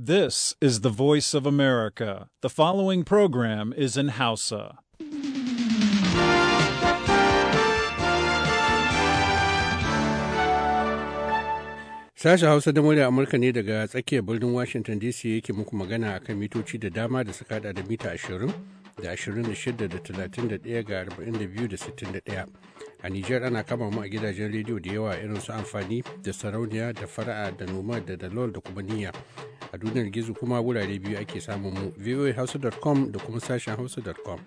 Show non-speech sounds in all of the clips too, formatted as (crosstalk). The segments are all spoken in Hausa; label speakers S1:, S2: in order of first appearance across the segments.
S1: This is the voice of America. The following program is in Hausa.
S2: Sashen Hausa da murya Amurka ne daga tsakiyar birnin Washington DC yake muku magana akan mitoci da dama da suka hada da mita 20 da 26 da 31 ga 42 da 61. a niger ana kama mu a gidajen rediyo da yawa irin su amfani da sarauniya da fara'a da noma da dalol da kuma niyya a duniyar gizo kuma wurare biyu ake samun mu voahouse.com da kuma sashen hausa.com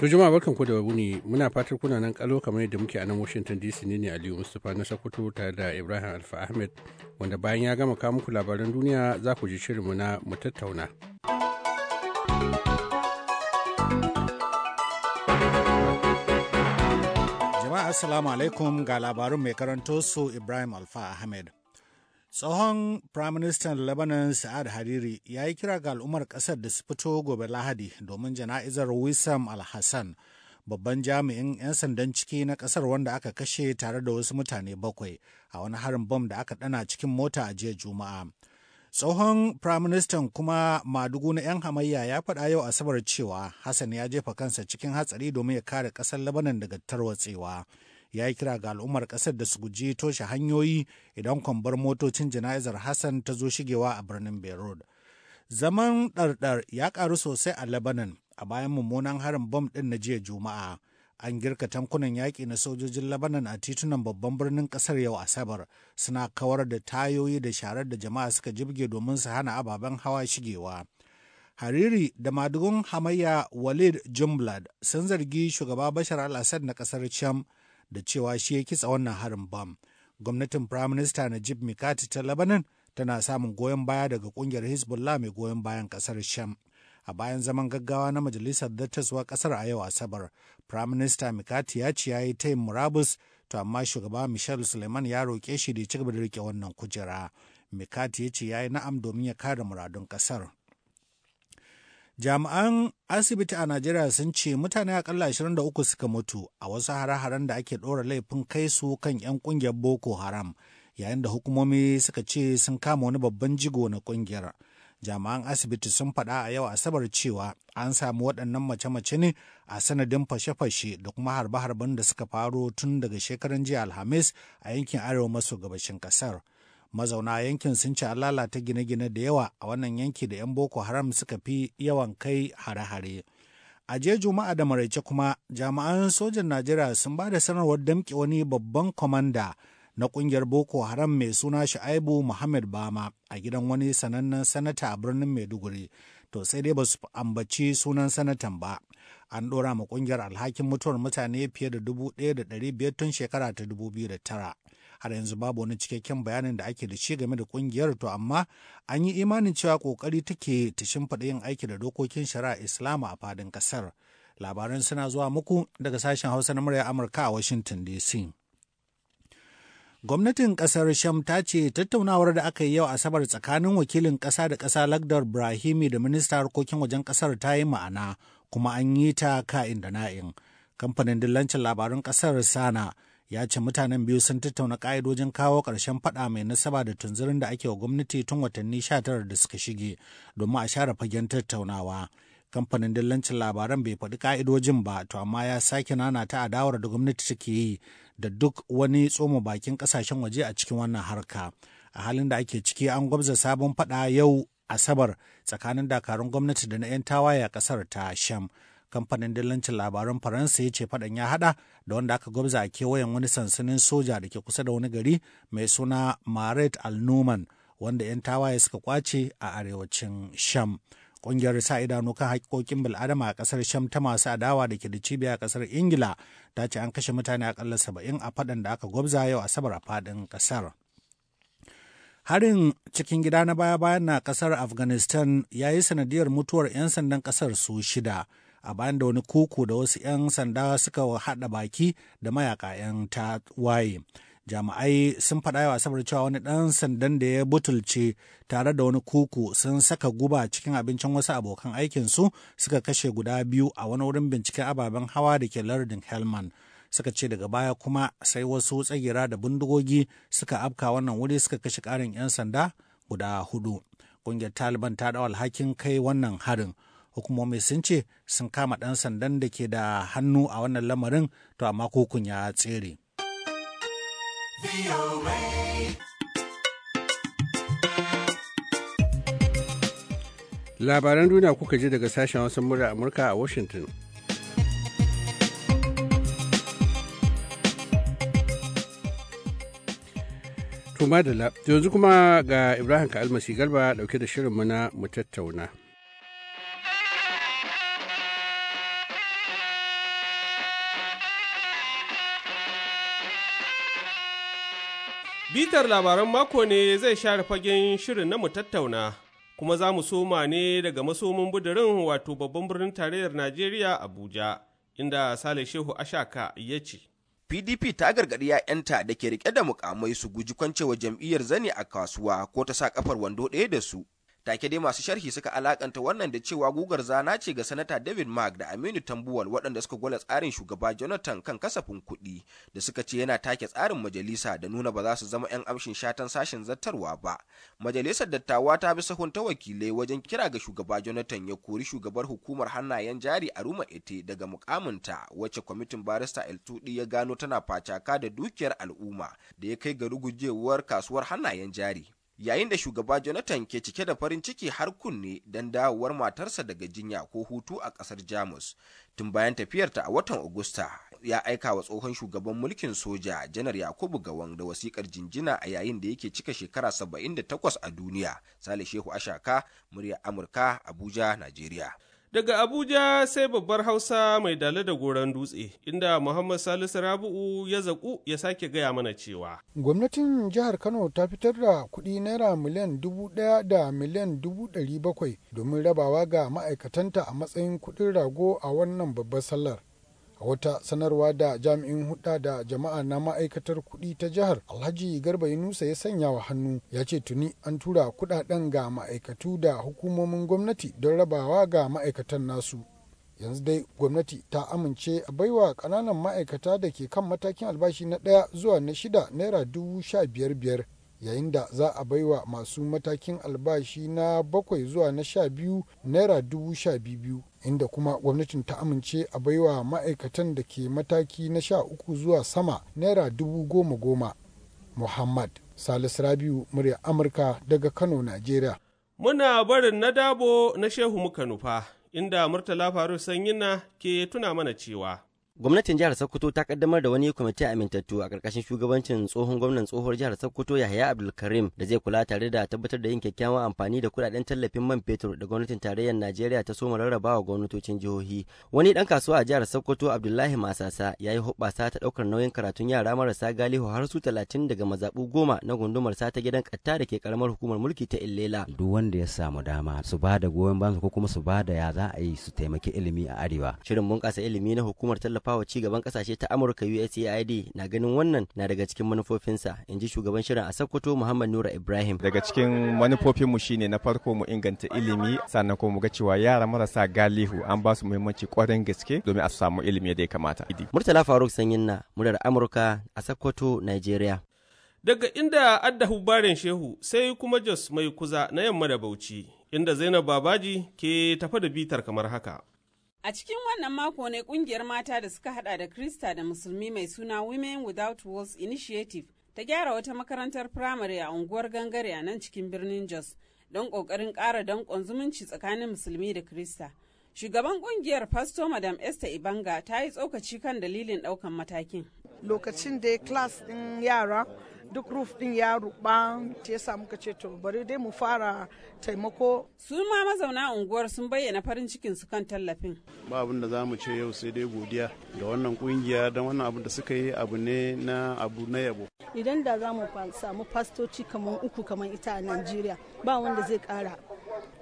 S2: to jama'a barkan ku da wuni muna fatar kuna nan kalo kamar yadda muke a nan washington dc ne ne aliyu mustapha na sokoto tare da ibrahim alfa ahmed wanda bayan ya gama kawo muku labaran duniya za ku ji shirinmu na mu tattauna.
S3: jama'a assalamu alaikum ga labarun mai karanto su Ibrahim Alfa Ahmed. Tsohon Firaministan Lebanon Sa'ad Hariri ya yi kira ga al'ummar ƙasar da su fito gobe Lahadi domin jana'izar wisam Al-Hassan, babban jami'in 'yan sandan ciki na ƙasar wanda aka kashe tare da wasu mutane bakwai a wani harin bom da aka dana cikin mota a jiya Juma'a. Tsohon Firaministan kuma Madugu na 'yan hamayya ya faɗa yau Asabar cewa Hassan ya jefa kansa cikin hatsari domin ya kare ƙasar Labanan daga tarwatsewa. Ya yi kira ga al'ummar ƙasar da su guji toshe hanyoyi idan kwambar motocin jana'izar Hassan ta zo shigewa a birnin Beirut. Zaman ɗarɗar ya ƙaru sosai a Labanan a bayan mummunan harin bom ɗin na jiya Juma'a. an girka tankunan yaƙi na sojojin Labanan a titunan babban birnin ƙasar yau Asabar suna kawar da tayoyi da sharar da jama'a suka jibge domin su hana ababen hawa shigewa. Hariri da madugun hamayya Walid Jumblad sun zargi shugaba Bashar al-Assad na ƙasar Cham da cewa shi ya kitsa wannan harin bam. Gwamnatin Firaminista Najib Mikati ta Labanan tana samun goyon baya daga ƙungiyar Hezbollah mai goyon bayan ƙasar Sham. a bayan zaman gaggawa na majalisar dattaswa kasar a yau asabar prime minister mikati ya ce ya yi yin murabus to amma shugaba michel suleiman ya roƙe shi da ya ci gaba da rike wannan kujera mikati ya ce ya yi na'am domin ya kare muradun kasar jami'an asibiti a najeriya sun ce mutane akalla 23 suka mutu a wasu hare-haren da ake ɗora laifin kai su kan 'yan ƙungiyar boko haram yayin da hukumomi suka ce sun kama wani babban jigo na ƙungiyar jami'an asibiti sun faɗa a yau asabar cewa an samu waɗannan mace-mace ne a sanadin fashe-fashe da kuma harbe-harben da suka faro tun daga shekaran jiya alhamis a yankin arewa maso gabashin ƙasar mazauna yankin sun ci lalata gine-gine da yawa a wannan yanki da 'yan boko haram suka fi yawan kai hare-hare a jiya juma'a da maraice kuma jami'an sojan najeriya sun ba da sanarwar damƙe wani babban kwamanda na kungiyar Boko Haram mai suna Shu'aibu Muhammad Bama a gidan wani sanannen sanata a birnin Maiduguri. To sai dai ba su ambaci sunan sanatan ba. An ɗora ma kungiyar alhakin mutuwar mutane fiye da dubu da ɗari biyar tun shekara ta dubu biyu da tara. har yanzu babu wani cikakken bayanin da ake da shi game da kungiyar to amma an yi imanin cewa kokari take ta shimfiɗa yin aiki da dokokin shari'a Islam a fadin kasar labaran suna zuwa muku daga sashen hausa na murya amurka a washington dc Gwamnatin ƙasar Sham ta ce tattaunawar da aka yi yau Asabar tsakanin wakilin ƙasa da ƙasa Lagdar Brahimi da minista harkokin wajen ƙasar ta yi ma'ana kuma an yi ta ka'in da na'in. Kamfanin dillancin labarun ƙasar Sana ya ce mutanen biyu sun tattauna ƙa'idojin kawo ƙarshen faɗa mai nasaba da tunzirin da ake wa gwamnati tun watanni sha tara da suka shige domin a share fagen tattaunawa. kamfanin dillancin labaran bai faɗi ka'idojin ba to amma ya sake nana ta adawar da gwamnati take yi da duk wani tsoma bakin ƙasashen waje a cikin wannan harka a halin da ake ciki an gwabza sabon faɗa yau asabar tsakanin dakarun gwamnati da na 'yan tawaye a ƙasar ta sham kamfanin dillancin labaran faransa ya ce faɗan ya haɗa da wanda aka gwabza a kewayen wani sansanin soja da ke kusa da wani gari mai suna maret al-numan wanda 'yan tawaye suka kwace a arewacin sham Ƙungiyar sa idanu kan haƙƙoƙin bil'adama a ƙasar Sham ta masu adawa da ke da cibiya a ƙasar Ingila ta ce an kashe mutane aƙalla saba'in a faɗan da aka gwabza yau Asabar a faɗin ƙasar. Harin cikin gida na baya-bayan na ƙasar Afghanistan ya yi sanadiyar mutuwar 'yan sandan ƙasar su shida. a bayan da wani kuku da wasu 'yan sanda suka haɗa baki da mayaka 'yan ta waye. jami'ai sun faɗa yawa saboda cewa wani ɗan sandan da ya butulce tare da wani kuku sun saka guba cikin abincin wasu abokan aikinsu suka kashe guda biyu a wani wurin binciken ababen hawa da ke lardin helman suka ce daga baya kuma sai wasu tsagira da bindigogi suka afka wannan wuri suka kashe ƙarin 'yan sanda guda hudu ƙungiyar taliban ta dawo alhakin kai wannan harin hukumomi sun ce sun kama ɗan sandan da ke da hannu a wannan lamarin to amma kukun ya tsere.
S2: Labaran duniya kuka ji daga sashen wasan murya Amurka a Washington. To yanzu kuma ga Ibrahim Ka'almasi Garba dauke da shirin mana mu tattauna.
S4: Bitar labaran mako ne zai share fagen shirin na mu tattauna, kuma za mu soma ne daga masomin budurin wato babban birnin tarayyar Najeriya Abuja, inda Sale Shehu Ashaka ya ce. PDP ta gargaɗi 'ya'yanta da ke rike da mukamai
S5: su guji kwancewa jam'iyyar zani a kasuwa ko ta sa kafar wando ɗaya da su. take dai masu sharhi suka alakanta wannan da cewa gugar zana ce ga sanata david mark da aminu tambuwal waɗanda suka gwala tsarin shugaba jonathan kan kasafin kuɗi da suka ce yana take tsarin majalisa da nuna ba za su zama 'yan amshin shatan sashen zartarwa ba majalisar dattawa ta bi sahun ta wakilai wajen kira ga shugaba jonathan ya kori shugabar hukumar hannayen jari a ruma ete daga mukaminta wacce kwamitin barista el tudi ya gano tana facaka da dukiyar al'umma da ya kai ga rugujewar kasuwar hannayen jari yayin da shugaba jonathan ke cike da farin ciki har kunne don dawowar matarsa daga jinya ko hutu a kasar jamus tun bayan tafiyarta a watan agusta ya aika wa tsohon shugaban mulkin soja janar yakubu gawan da wasikar jinjina a yayin da yake cika shekara 78 a duniya sale shehu ashaka murya amurka abuja najeriya
S4: Daga Abuja sai babbar Hausa mai dala da goron dutse, inda Muhammad Salisu Rabu'u ya zaƙu ya sake gaya mana cewa.
S3: Gwamnatin jihar Kano ta fitar da kuɗi naira miliyan dubu ɗaya da miliyan dubu ɗari bakwai domin rabawa ga ma'aikatanta a matsayin kuɗin rago a wannan babbar sallar. a wata sanarwa da jami'in hudda da jama'a na ma'aikatar kudi ta jihar alhaji garba yunusa ya sanya wa hannu ya ce tuni an tura kudaden ga ma'aikatu da hukumomin gwamnati don rabawa ga ma'aikatan nasu yanzu dai gwamnati ta amince a baiwa kananan ma'aikata da ke kan matakin albashi na ɗaya zuwa na shida naira dubu sha biyar biyar yayin da za a baiwa masu matakin albashi na bakwai zuwa na sha biyu naira dubu sha biyu inda kuma gwamnatin ta amince a baiwa ma'aikatan da ke mataki na sha uku zuwa sama naira dubu goma goma muhammad salis rabiu murya amurka daga kano nigeria
S4: muna barin na dabo na shehu muka nufa inda murtala faru sanyina ke tuna mana cewa
S5: Gwamnatin jihar Sokoto ta kaddamar da wani kwamitin amintattu a ƙarƙashin shugabancin tsohon gwamnan tsohuwar jihar Sokoto Yahaya Abdulkarim da zai kula tare da tabbatar da yin kyakkyawan amfani da kuɗaɗen tallafin man fetur da gwamnatin tarayyar Najeriya ta soma rarraba wa gwamnatocin jihohi. Wani dan kasuwa a jihar Sokoto Abdullahi Masasa ya yi hoɓɓasa ta ɗaukar nauyin karatun yara marasa galihu har su talatin daga mazaɓu goma na gundumar sata gidan ƙatta da ke ƙaramar hukumar mulki ta Illela. Duk wanda ya samu dama su ba da goyon ko kuma su ba da ya za a yi su taimaki ilimi a arewa. Shirin bunƙasa ilimi na hukumar tallafa tallafawa ci gaban kasashe ta Amurka USAID na ganin wannan na daga cikin manufofinsa in ji shugaban shirin a Sokoto Muhammad Nura Ibrahim. Daga cikin manufofinmu shine na farko mu inganta ilimi sannan kuma mu ga cewa yara marasa galihu an ba su muhimmanci kwarin gaske domin a samu ilimi da ya kamata. Murtala Faruk Sanyin na murar Amurka a Sokoto, Nigeria.
S4: Daga inda addahu barin shehu sai kuma Jos mai kuza na yamma da Bauchi, inda Zainab Babaji ke tafa da bitar kamar haka.
S1: A cikin wannan mako ne kungiyar mata da suka hada da Krista da Musulmi mai suna Women Without Walls Initiative ta gyara wata makarantar firamare a unguwar gangare a nan cikin birnin Jos don kokarin ƙara danƙon zumunci tsakanin Musulmi da Krista. Shugaban kungiyar Pastor Madam Esther Ibanga ta yi tsokaci kan dalilin daukan matakin. Lokacin da class ɗin yara duk roof din ya ruba ta yasa muka ce to bari dai mu fara taimako su ma mazauna unguwar sun bayyana farin cikin su kan tallafin
S4: ba abin da zamu ce yau sai dai godiya ga wannan kungiya don wannan abin da suka yi abu ne na abu na yabo
S1: idan da zamu
S6: samu fastoci kamar uku kamar ita a Najeriya ba wanda zai kara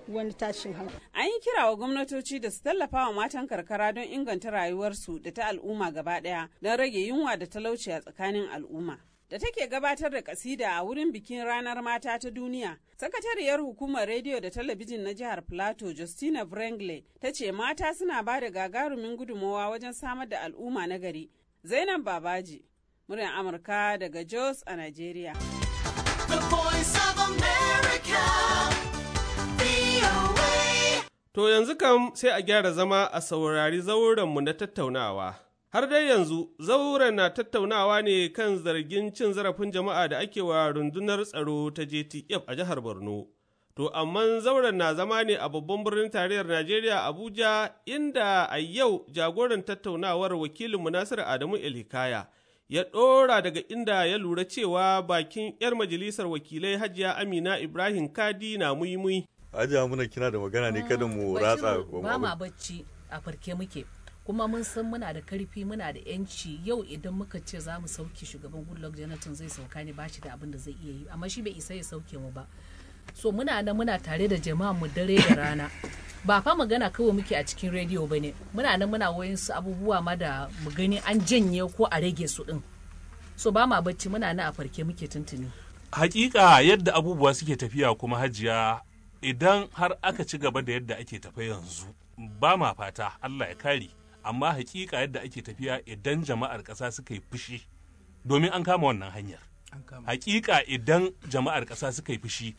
S6: wani
S1: tashin hankali. An yi kira wa gwamnatoci da su tallafa wa matan karkara don inganta rayuwarsu da ta al'umma gaba daya don rage yunwa da talauci a tsakanin al'umma. da take gabatar da kasida a wurin bikin ranar mata ta duniya sakatariyar hukumar rediyo da talabijin na jihar plateau justina vrangle ta ce mata suna ba da gagarumin gudummawa wajen samar da al'umma na gari zainab babaji muryar amurka daga jos a nigeria
S4: To yanzu kam sai a gyara zama a saurari zauren mu na tattaunawa. Har dai yanzu, zauren na tattaunawa ne kan zargin cin zarafin jama'a da ake wa rundunar tsaro ta JTF a jihar Borno. To, amma zauren na zama ne a babban birnin tarayyar Najeriya Abuja, inda a yau jagoran tattaunawar wakilin Nasiru Adamu Elhikaya ya ɗora daga inda ya lura cewa bakin 'yar majalisar wakilai Hajiya Amina Ibrahim Kadi na muimui. Hajiya muna kina
S7: da magana ne kada mu ah, ratsa. Ba ma
S6: bacci a farke muke. kuma mun san muna da karfi muna da yanci yau idan muka ce za mu sauke shugaban goodluck jonathan zai sauka ne bashi da abin da zai iya yi amma shi bai isa ya sauke mu ba so muna nan muna tare da jama'a mu dare da rana ba fa magana kawai muke a cikin rediyo ba ne muna nan muna wayan su abubuwa ma da mu gani an janye ko a rage su din so ba ma bacci muna nan a farke muke tuntuni
S8: hakika yadda abubuwa suke tafiya kuma hajiya idan har aka ci gaba da yadda ake tafi yanzu ba ma fata Allah ya kare amma hakika yadda ake tafiya idan jama'ar ƙasa suka yi fushi domin an kama wannan hanyar hakika idan jama'ar kasa suka yi fushi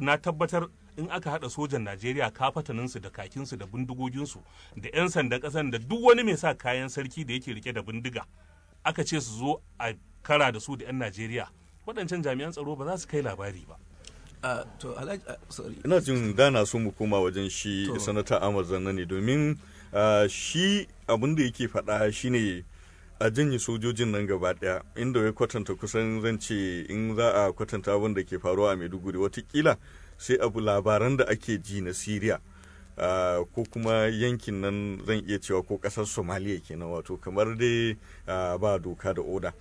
S8: na tabbatar in aka hada sojan najeriya kafataninsu da kakinsu da bindigoginsu da 'yan sandan ƙasan da duk wani mai sa kayan sarki da yake rike da bindiga aka ce su zo a kara da su da 'yan najeriya waɗancan jami'an tsaro ba za su kai labari ba
S7: ina jin dana so mu koma wajen shi sanata amur zanna ne domin shi abin da yake faɗa shine a janye sojojin nan gaba ɗaya. inda ya kwatanta kusan zan ce in za a kwatanta abin da ke faruwa a maiduguri watakila sai abu labaran da ake ji na siriya ko kuma yankin nan zan iya cewa ko kasar somaliya kenan wato kamar dai ba doka da oda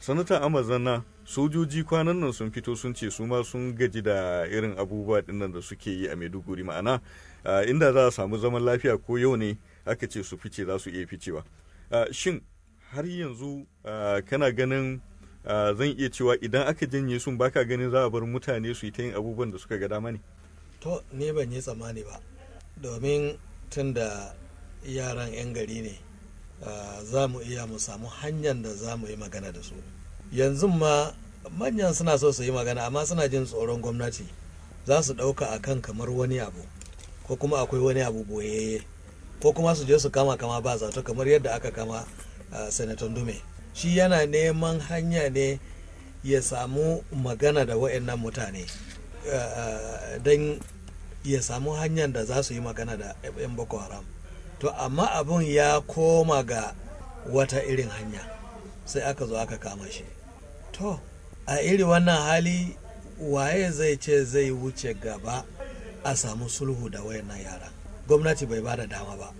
S7: sanata amazana sojoji kwanan nan sun fito sun ce su ma sun gaji da irin abubuwa dinnan da suke yi a maiduguri ma'ana inda za a samu zaman lafiya ko yau ne aka ce su fice za su iya ficewa shin har yanzu kana ganin zan iya cewa idan aka janye sun baka ganin za a bar mutane su yi ta yin abubuwan da suka ga dama ne
S9: to ne ban yi tsammani ba domin tun da yaran 'yan gari ne za mu iya mu samu hanyar da za mu yi magana da su yanzu ma manyan suna so su yi magana amma suna jin tsoron gwamnati za su ɗauka a kan kamar wani abu ko kuma akwai wani abu boyayye ko kuma su je su kama kama ba zato kamar yadda aka kama senator dume shi yana neman hanya ne ya samu magana da waɗannan mutane don ya samu hanyar da za su yi magana da 'yan boko haram to amma abun ya koma ga wata irin hanya sai aka zo aka kama shi to a iri wannan hali waye zai ce zai wuce gaba a samu sulhu da wayan wayannan yara gwamnati bai bada dama ba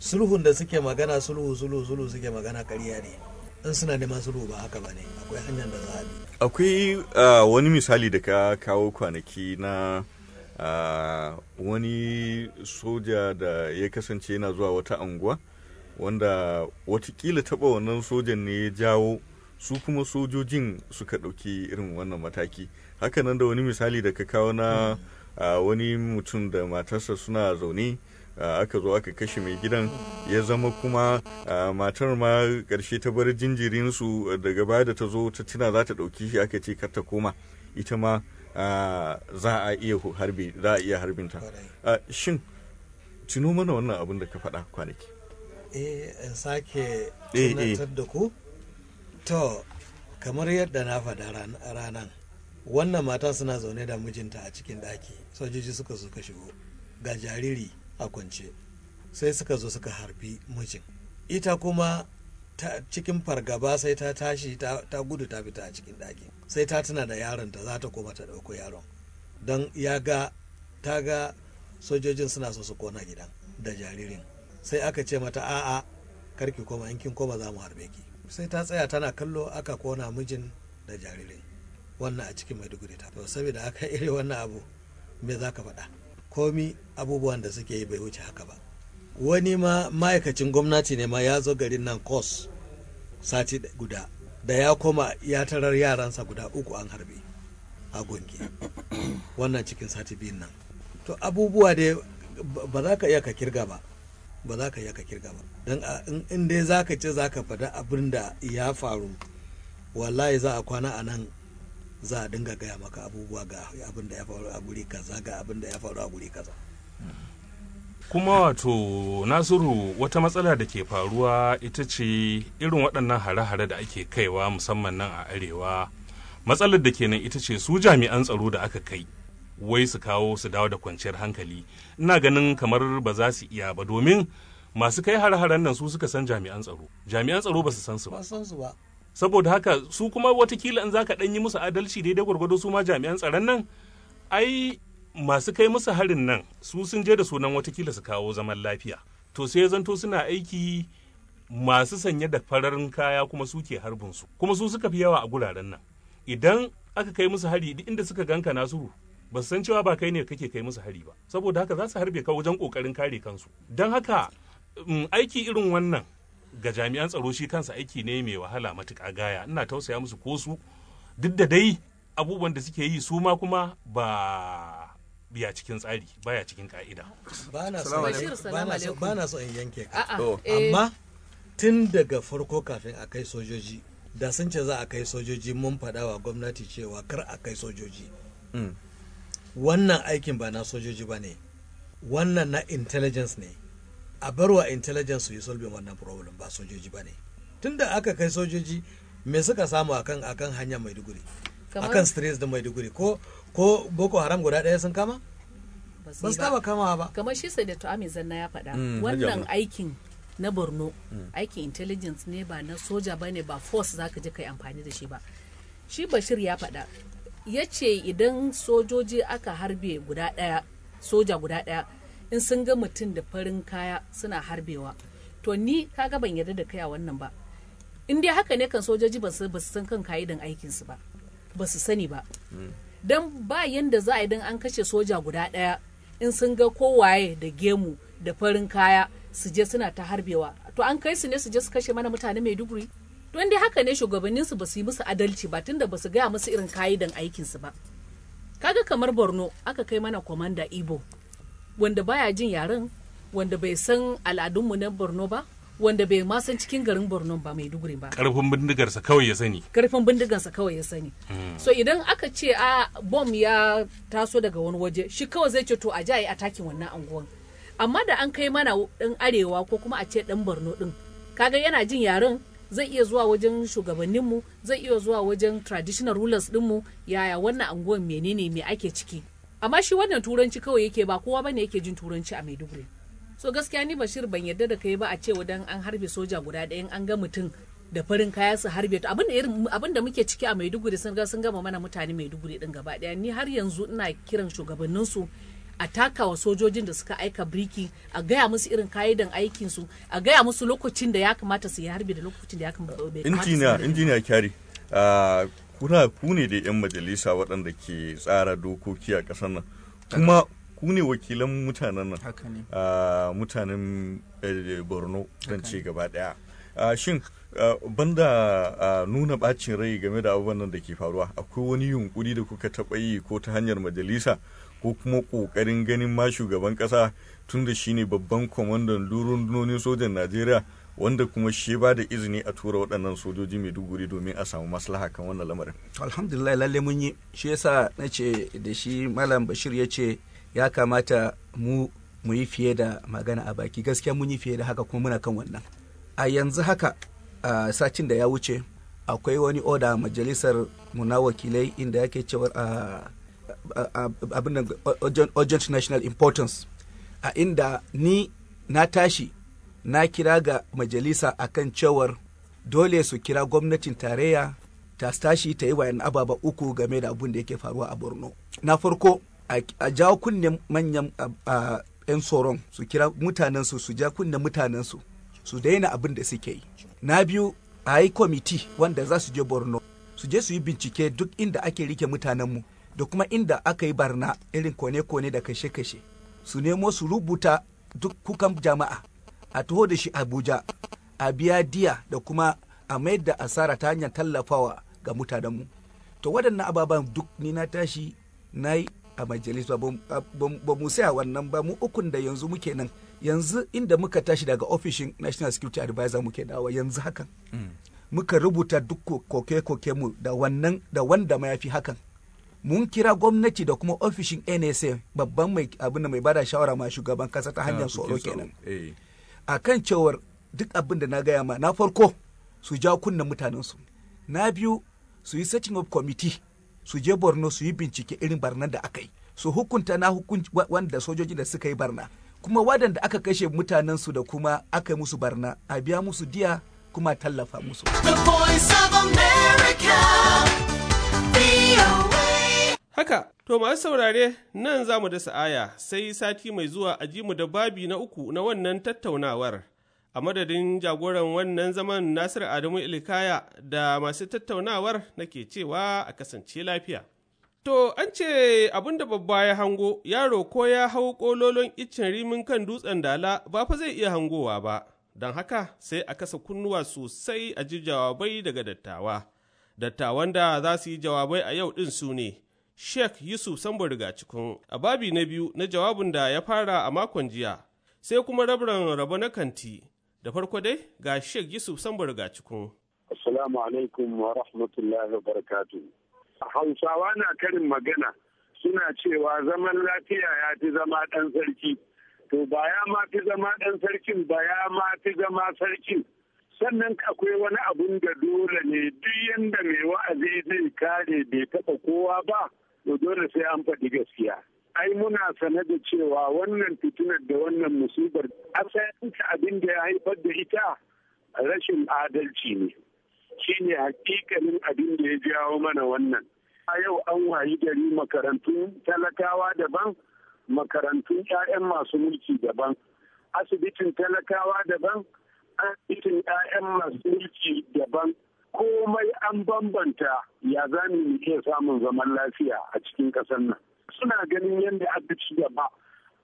S9: sulhun da suke magana sulhu sulhu sulhu suke magana ƙarya ne in suna neman sulhu ba haka ba ne akwai hanyar da za a bi
S7: akwai wani misali da ka kawo kwanaki na wani soja da ya kasance yana zuwa wata anguwa wanda watakila taba wannan sojan ne ya jawo su kuma sojojin suka ɗauki irin wannan mataki hakanan da wani misali da ka kawo na hmm. wani mutum da matarsa suna zaune aka zo aka kashe mai gidan ya zama kuma matar ma karshe ta bar jinjirinsu daga baya da ta zo ta tuna za ta ɗauki shi aka ce kar ta koma ita ma za a iya harbi za a iya harbinta shin tuno mana wannan abin da ka faɗa kwanaki
S9: eh sake eh, eh. tunatar da ku to kamar yadda na faɗa ranan. wannan mata suna zaune da mijinta a cikin ɗaki sojoji suka zo shigo ga jariri a kwance sai suka zo suka harbi mijin ita kuma cikin fargaba sai ta tashi ta, gudu ta fita a cikin ɗaki sai ta tuna da yaron ta za ta koma ta ɗauko yaron don ya ga ta ga sojojin suna so su kona gidan da jaririn sai aka ce mata a'a karki koma in kin koma za mu harbe ki sai ta tsaya tana kallo aka kona mijin da jaririn wannan a cikin maiduguri ta to saboda haka (laughs) iri wannan abu me za ka faɗa komi abubuwan da suke yi bai wuce haka ba wani ma ma'aikacin gwamnati ne ma ya zo garin nan kos sati guda da ya koma ya tarar yaransa guda uku an harbe a gongi (coughs) wannan cikin sati biyun nan to abubuwa da ba za ka iya ka kirga ba ba za ka iya ka kirga ba don in dai za ka ce za ka faɗa abin da ya faru wallahi za a kwana a nan za a dinga gaya maka abubuwa ga abin da ya faru a guri kaza ga abin da ya faru a guri kaza
S8: kuma wato nasiru wata matsala da ke faruwa ita ce irin waɗannan hare-hare da ake kaiwa musamman nan a arewa matsalar da ke nan ita ce su jami'an tsaro da aka kai wai su kawo su dawo da kwanciyar hankali ina ganin kamar ba za su iya ba domin masu kai hare-haren nan su suka san jami'an tsaro jami'an tsaro ba su san su
S9: ba
S8: saboda haka su kuma watakila in zaka ɗan yi musu adalci daidai gwargwado su ma jami'an tsaron nan ai masu kai musu harin nan su sun je da sunan watakila su kawo zaman lafiya to sai zanto suna aiki masu sanye da fararen kaya kuma suke harbin su kuma su suka fi yawa a guraren nan idan aka kai musu hari duk inda suka ganka nasu, ba san cewa ba kai ne kake kai musu hari ba saboda haka za su harbe ka wajen kokarin kare kansu don haka mm, aiki irin wannan ga jami'an tsaro shi kansa aiki ne mai wahala matuƙa gaya ina tausaya musu ko su duk da dai abubuwan da suke yi su ma kuma ba biya cikin tsari baya cikin ka'ida ba
S9: na so in yanke ka eh. amma tun daga farko kafin a kai sojoji da sun ce za a kai sojoji mun faɗa wa gwamnati cewa kar a kai sojoji mm. wannan aikin ba na sojoji ba ne wannan na intelligence ne a barwa intelligence su yi solving wannan problem ba sojoji ba ne tunda aka kai sojoji me suka samu akan akan hanyar maiduguri akan stress da maiduguri ko ko boko haram guda daya sun kama ba su taba
S6: kama ba kamar shi sai da tu'ami zanna ya faɗa mm, wannan aikin na borno mm. aikin intelligence ne ba na soja ba ne ba force zaka je kai amfani da shi ba shi bashir ya faɗa ya ce idan sojoji aka harbe guda daya soja guda daya. in sun ga mutum da farin kaya suna harbewa to ni kaga ban yarda da kai a wannan ba in dai haka ne kan sojoji ba su san kan ka'idan aikinsu ba ba su sani ba dan ba yanda za a yi idan an kashe soja guda ɗaya in sun ga kowaye da gemu da farin kaya su je suna ta harbewa to an kai su ne su je su kashe mana mutane mai maiduguri don dai haka ne shugabannin su ba su yi musu adalci ba tunda ba su gaya musu irin ka'idan su ba kaga kamar borno aka kai mana kwamandan ibo wanda baya jin yaren wanda bai san al'adunmu na borno ba wanda bai ma san cikin garin borno ba mai duguri ba
S8: karfin bindigarsa kawai ya sani
S6: karfin bindigarsa kawai ya sani hmm. so idan aka ce a bom ya taso daga wani waje shi kawai zai ce to a ja a yi atakin wannan anguwan amma da an kai mana dan arewa ko kuma a ce dan borno din kaga yana jin yaren zai iya zuwa wajen shugabanninmu zai iya zuwa wajen traditional rulers dinmu yaya wannan anguwan menene me ake ciki amma shi wannan turanci kawai yake ba kowa bane yake jin turanci a maiduguri so gaskiya ni bashir ban yarda da kai ba a cewa dan an harbe soja guda ɗayan an ga mutum da farin kaya su harbe to abin da irin abin muke ciki a maiduguri sun ga sun gama mana mutane maiduguri din gaba ɗaya ni har yanzu ina kiran shugabannin su a takawa sojojin da suka aika biriki a gaya musu irin ka'idan aikin su a gaya musu lokacin da ya kamata su yi harbe da lokacin da ya kamata su yi injiniya
S7: injiniya kyari ah, kuna ku ne da 'yan majalisa waɗanda ke tsara dokoki a ƙasar nan kuma ku ne wakilan mutanen nan ah, mutanen eh, borno don ce gaba ɗaya ah, shin ah, banda nuna bacin rai game da abubuwan nan da ke faruwa akwai wani yunkuri da kuka taɓa yi ko ta hanyar majalisa ko kuma ƙoƙarin ganin ma shugaban ƙasa tun da shine babban kwamandan rundunonin sojan najeriya wanda kuma shi ba da izini a tura waɗannan sojoji mai duguri domin a samu maslaha kan wannan lamarin
S10: alhamdulillah lalle mun yi shi yasa na ce da shi malam bashir ya ce ya kamata mu mu yi fiye da magana a baki gaskiya mun yi fiye da haka kuma muna kan wannan a yanzu haka a satin da ya wuce akwai wani oda majalisar muna wakilai inda yake cewa abin da urgent national importance a inda ni na tashi na kira ga majalisa a kan cewar dole su kira gwamnatin tarayya ta tashi ta yi wayan ababa uku game da abun da yake faruwa a borno na farko a jawo kunne manyan yan tsoron su kira mutanensu su ja kunne mutanensu su daina abin da suke yi na biyu a yi kwamiti wanda za su je borno su je su yi bincike duk inda ake rike mutanenmu da kuma inda aka yi barna irin kone-kone da kashe-kashe su nemo su rubuta duk kukan jama'a a taho da shi abuja a biya diya da kuma a mayar da asara ta hanyar tallafawa ga mutanenmu to waɗannan ababen duk ni na tashi na yi a majalis ba ba mu saya wannan ba mu ukun da yanzu muke nan yanzu inda muka tashi daga ofishin national security advisor muke dawa yanzu hakan mm. muka rubuta duk koke-koke mu da wannan da wanda ma yafi hakan mun kira gwamnati da kuma ofishin nsa babban mai abin mai bada shawara ma shugaban kasa ta hanyar ah, tsoro kenan eh. a kan cewar duk abin da na gaya ma na farko su ja kunna mutanensu na biyu su yi searching of committee su je borno su yi bincike irin barnan da aka yi su hukunta na hukunci wanda sojoji da suka yi barna kuma wadanda aka kashe mutanensu da kuma aka yi musu barna a biya musu
S4: diya kuma tallafa musu. Haka, to masu saurare nan za mu dasa aya sai sati mai zuwa a ji mu da babi na uku na wannan tattaunawar. A madadin jagoran wannan zaman Nasiru Adamu Ilikaya da masu tattaunawar nake cewa a kasance lafiya. To, an ce abin da babba ya hango, yaro ko ya hau ƙololon iccen rimin kan dutsen dala ba fa zai iya hangowa ba, don haka sai a kasa kunnuwa sosai a ji jawabai daga dattawa. Dattawan da za su yi jawabai a yau ɗin su ne. Sheikh Yusuf Sambo Rigacikun a babi na biyu na jawabin da ya fara a makon jiya, sai kuma rabran rabo na kanti da farko dai ga
S11: Sheikh Yusuf Sambo cikin. Assalamu alaikum wa rahmatullahi wa Hausawa na karin magana suna cewa zaman lafiya ya fi zama ɗan sarki. To ba ya ma fi zama ɗan sarkin ba ya ma fi zama sarkin. sannan akwai wani abun da dole ne duk yadda mai wa'azi zai kare bai taɓa kowa ba Da dole sai an faɗi gaskiya ai muna sane da cewa wannan fitinar da wannan musibar asalinta abin da ya haifar da ita rashin adalci ne Shi shine hakikalin abin da ya jawo mana wannan a yau an wayi gari makarantun talakawa daban makarantun 'ya'yan masu mulki daban asibitin talakawa daban itin 'ya'yan masu mulki daban komai an bambanta ya zani mu iya samun zaman lafiya a cikin ƙasar nan suna ganin yadda aka ci gaba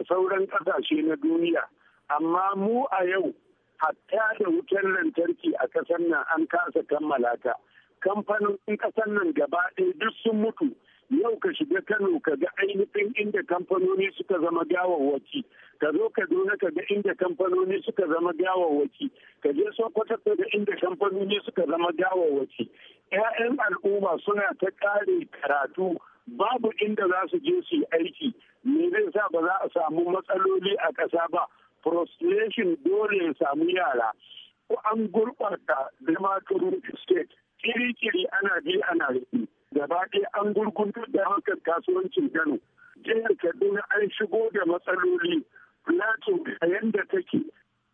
S11: sauran ƙasashe na duniya amma mu a yau hatta da wutar lantarki a ƙasar nan an kasa kammala ta kamfanonin ƙasar nan gaba ɗaya duk sun mutu yau ka shiga kano ka ga ainihin inda kamfanoni suka zama gawawaki ka zo kaduna ka ga inda kamfanoni suka zama gawawaki ka je sokoto ka ga inda kamfanoni suka zama gawawaki 'ya'yan al'umma suna ta ƙare karatu babu inda za su je su yi aiki me zai sa ba za a samu matsaloli a ƙasa ba prostration dole ya samu yara ko an gurɓata da state kiri-kiri ana bi ana rufe gaba ɗaya an gurguntar da harkar kasuwancin kano jihar kaduna an shigo da matsaloli plateau a yadda take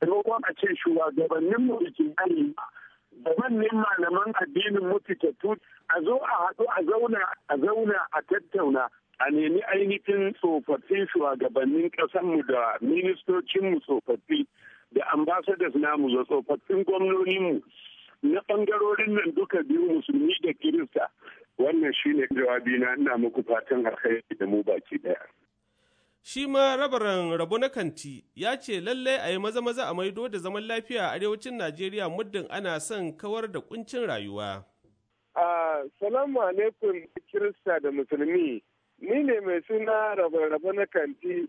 S11: kuma a ce shugabannin mu da ke malaman addinin mu a zo a haɗu a zauna a zauna a tattauna a nemi ainihin tsofaffin shugabannin ƙasarmu da ministocinmu tsofaffi da ambassadors namu da tsofaffin gwamnoninmu na ɓangarorin nan duka biyu musulmi da kirista Wannan shi ne jawabi na, ina muku fatan alkhairi da mu baki ɗaya.
S4: Shi ma rabaran rabu na kanti ya ce lallai a yi maza-maza a maido da zaman lafiya a arewacin Najeriya muddin ana son kawar da kuncin rayuwa.
S11: a Salamu alaikum Kirista da Musulmi, ni ne mai suna rabar rabu na kanti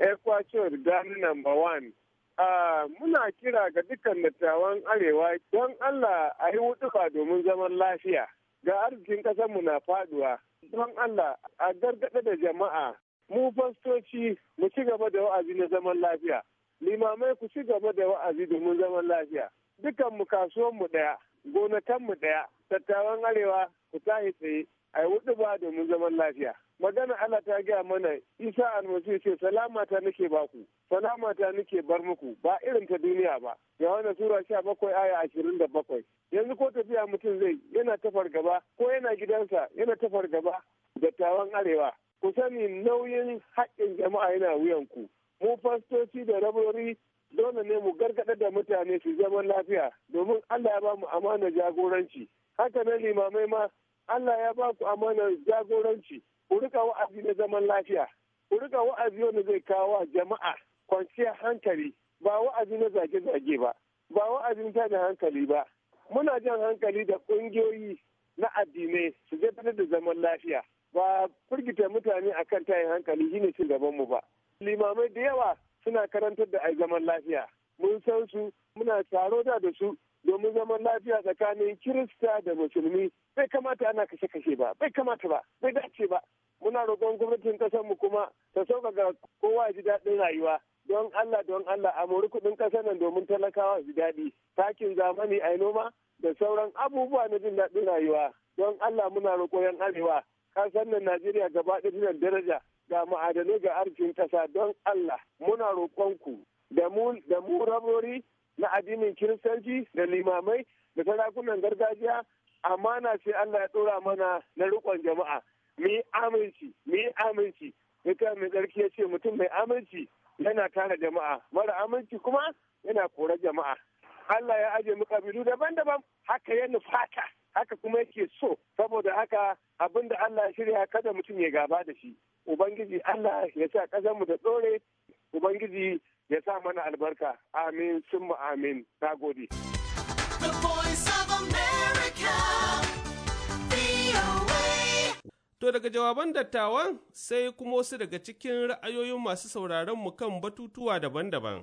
S11: Equator Ghana number one. muna kira ga dukkan dattawan arewa don Allah a yi wutufa domin zaman lafiya. ga arzikin ƙasarmu na faduwa don Allah a gargaɗa da jama'a mu fastoci mu ci gaba da wa'azi na zaman lafiya limamai ku ci gaba da wa'azi domin zaman lafiya dukan mu kasuwan mu daya gonakan mu daya tattawan arewa ku tahi tsaye a yi ba domin zaman lafiya magana Allah ta gaya mana Isa almasihu ce salamata nake baku salamata ta nake bar muku ba irin ta duniya ba wani sura sha bakwai aya ashirin da bakwai yanzu ko tafiya mutum zai yana ta fargaba ko yana gidansa yana ta fargaba dattawan arewa ku sani nauyin haƙƙin jama'a yana wuyanku mu fastoci da rabori dole ne mu gargaɗa da mutane su zaman lafiya domin Allah ya ba mu amana jagoranci haka na limamai ma Allah ya ba ku amanar jagoranci ku rika wa'azi na zaman lafiya ku rika wa'azi wanda zai kawo wa jama'a kwanciyar hankali ba wa'azi na zage-zage ba ba wa'azin ta da hankali ba muna jan hankali da ƙungiyoyi na addinai su gabatar da zaman lafiya ba firgita mutane a akan tayin hankali shine ne gaban mu ba limamai da yawa suna karantar da ai zaman lafiya mun san su muna taro da su domin zaman lafiya tsakanin kirista da musulmi bai kamata ana kashe-kashe ba bai kamata ba bai dace ba muna roƙon gwamnatin ƙasar mu kuma ta sauƙaƙa kowa ji daɗin rayuwa don Allah don Allah a mori kuɗin ƙasar nan domin talakawa ji daɗi takin zamani a noma da sauran abubuwa na jin daɗin rayuwa don Allah muna roƙo yan arewa ƙasar nan Najeriya gaba ɗaya daraja ga ma'adanai ga arzikin ƙasa don Allah muna roƙonku da mu da mu rabori na addinin kiristanci da limamai da sarakunan gargajiya amana sai Allah ya ɗora mana na rikon jama'a mu yi aminci mu yi aminci duka mai tsarki ya ce mutum mai aminci yana tara jama'a mara aminci kuma yana kora jama'a Allah ya ajiye mu kabilu daban-daban haka ya nufata haka kuma yake so saboda haka abin da Allah ya shirya kada mutum ya gaba da shi ubangiji Allah ya sa ƙasarmu da tsore ubangiji ya sa mana albarka amin sun mu amin na gode
S4: To daga jawaban dattawan sai kuma wasu daga cikin ra'ayoyin masu sauraron mu kan batutuwa daban-daban.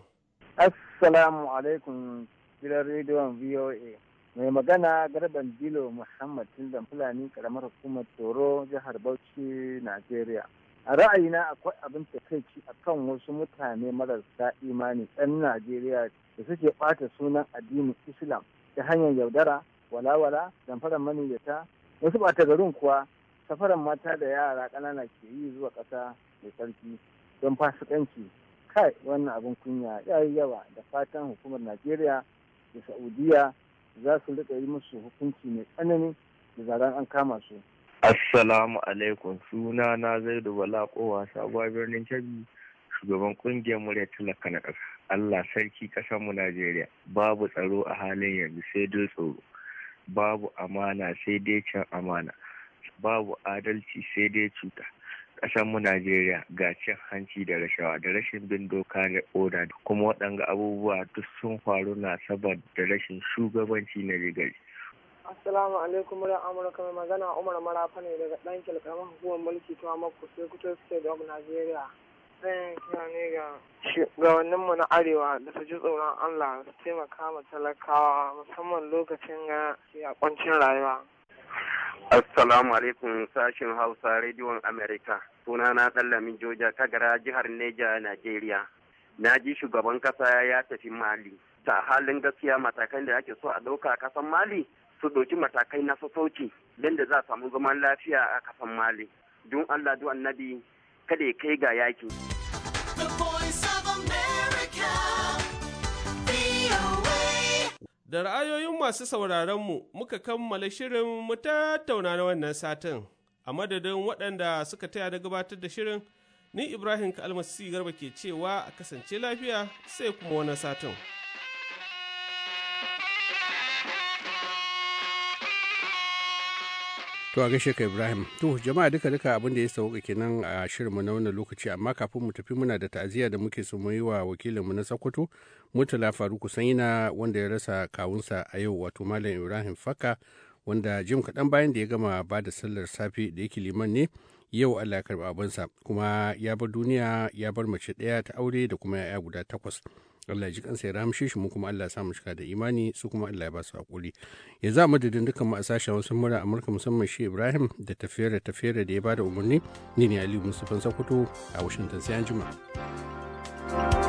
S11: Assalamu alaikum gidan rediyon VOA. Mai magana garban Dilo Muhammad Tildan Fulani karamar hukumar Toro jihar Bauchi, Najeriya. a ra'ayina akwai abin takaici kan wasu mutane marasa imani ɗan najeriya da suke ɓata sunan addinin islam ta hanyar yaudara walawala damfarar maniyyata wasu ɓata garin kuwa safarar mata da yara ƙanana ke yi zuwa ƙasa mai sarki don fasikanci kai wannan abin kunya ya yi yawa da fatan hukumar najeriya da saudiya za su riƙa yi musu hukunci mai tsanani da zaren an kama su Assalamu alaikum suna na Zaidu Bala Kowa sabuwa birnin Kebbi shugaban kungiyar murya talaka na ƙasa. Allah sarki ƙasar mu Najeriya babu tsaro a halin yanzu sai dai tsoro. Babu amana sai dai can amana. Babu adalci sai dai cuta. Ƙasar mu Najeriya ga cin hanci da rashawa da rashin bin doka da oda kuma waɗanga abubuwa duk sun faru na saboda rashin shugabanci na rigari.
S3: Assalamu alaikum muryar Amurka mai magana Umar Marafa ne daga
S11: ɗan kilkaramar hukumar mulki ta Mako sai kutar state of Nigeria. Zan kira ne ga gabanin mu na Arewa da su ji tsoron Allah su taimaka ma talakawa musamman lokacin ga kwancin rayuwa. Assalamu alaikum sashin Hausa Radio rediyon Amerika. Sunana tsallamin Joja Kagara jihar Neja, Najeriya. Na ji shugaban ƙasa ya tafi Mali. ta halin gaskiya matakan da ake so a ɗauka a ƙasar mali su ɗauki matakai na sassauci don da za a samu zaman lafiya a kasan mali don allah don annabi kada ya kai ga yaki
S4: da ra'ayoyin masu sauraronmu muka kammala shirin mu tattauna na wannan satin a madadin waɗanda suka taya da gabatar da shirin ni ibrahim kalmasi garba ke cewa a kasance lafiya sai kuma wani satin.
S2: To a gaishe ka Ibrahim. To jama'a duka duka abin da ya sauka kenan a shirinmu na wannan lokaci amma kafin mu tafi muna da ta'aziyya da muke so mu yi wa wakilinmu na Sokoto Murtala Faruku Sanyina wanda ya rasa kawunsa a yau wato Malam Ibrahim Faka wanda jim kaɗan bayan da ya gama ba da sallar safe da yake liman ne yau Allah ya karɓi abinsa kuma ya bar duniya ya bar mace ɗaya ta aure da kuma 'ya'ya guda takwas. Allah ya ji kansa ya ramshe shi mu kuma Allah ya samu cika da imani su kuma Allah ya ba su hakuri ya za madadin dukkan mu a sashen wasu mura Amurka musamman shi Ibrahim da tafiyar tafiyar da ya ba da umarni ni ne Ali Mustafa Sokoto a Washington sai an jima.